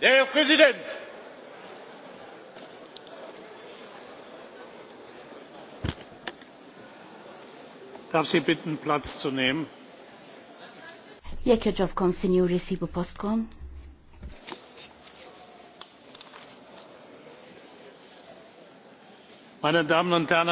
Der Präsident! Darf Sie bitten, Platz zu nehmen? Jekke joġobkom, Senior sibu postkom. Meine Damen und Herren,